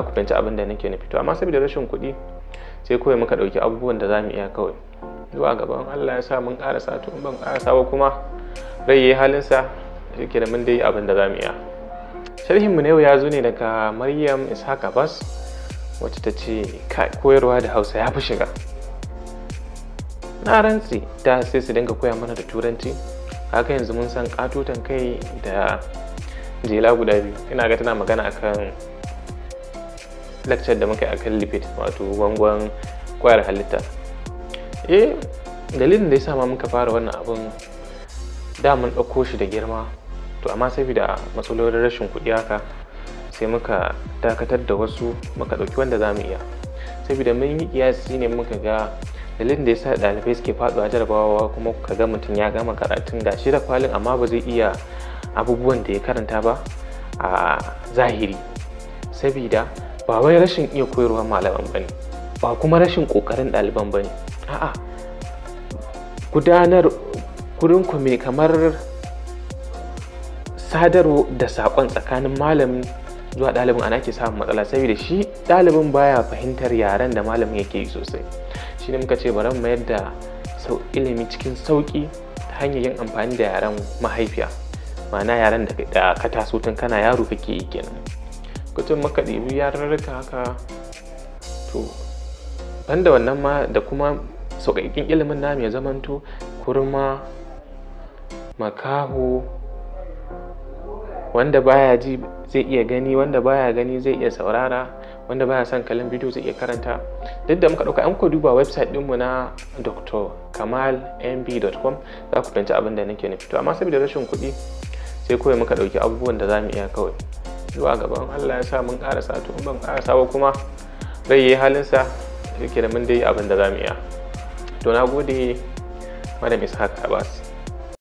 a kudanci abin da nake nufi to amma saboda rashin kuɗi sai kawai muka ɗauki abubuwan da za mu iya kawai zuwa gaban allah ya sa mun sa to ban ƙarasa ba kuma rai yayi halinsa yake da mun dai abin da za mu iya sharhin mu na yau ya zo ne daga maryam ishaq abbas wacce ta ce koyarwa da hausa ya fi shiga na rantsi da sai su dinga koya mana da turanci haka yanzu mun san katotan kai da jela guda biyu ina ga tana magana akan lecture da muka yi akan lipid wato gwangwan kwayar halitta eh dalilin da ya sa ma muka fara wannan abun da mun ɗauko shi da girma to amma saboda matsalolin rashin kuɗi haka sai muka dakatar da wasu muka ɗauki wanda za mu iya saboda mun yi kiyasi ne muka ga dalilin da ya sa ɗalibai suke faɗuwa jarabawa kuma ka ga mutum ya gama karatun gashi da kwalin amma ba zai iya abubuwan da ya karanta ba a zahiri saboda ba wai rashin iya koyarwa malaman ba ne ba kuma rashin kokarin ɗaliban ba ne a'a gudanar ku mai kamar sadarwa da saƙon tsakanin malamin zuwa ɗalibin ana ke samun matsala saboda shi ɗalibin baya fahimtar yaren da malamin yake yi sosai shi ne muka ce bari mayar da sau ilimi cikin sauƙi ta hanyar yin amfani da yaren mahaifiya ma'ana yaren da ka taso tun kana yaro kake yi kenan kutun maka ɗibi yarurruka haka to banda wannan ma da kuma sauƙaƙin ilimin na mai zamanto kurma makaho wanda baya ji zai iya gani wanda baya gani zai iya saurara wanda baya son kalin bidiyo zai iya karanta duk da muka ɗauka an ku duba website ɗinmu na dr kamal mb.com za ku fahimci abin da nake nufi to amma saboda rashin kuɗi sai kawai muka ɗauki abubuwan da za mu iya kawai zuwa gaban allah ya sa mun karasa to ban karasa ba kuma rai yi halinsa da mun dai abin da za mu iya to na gode madam ishaq abbas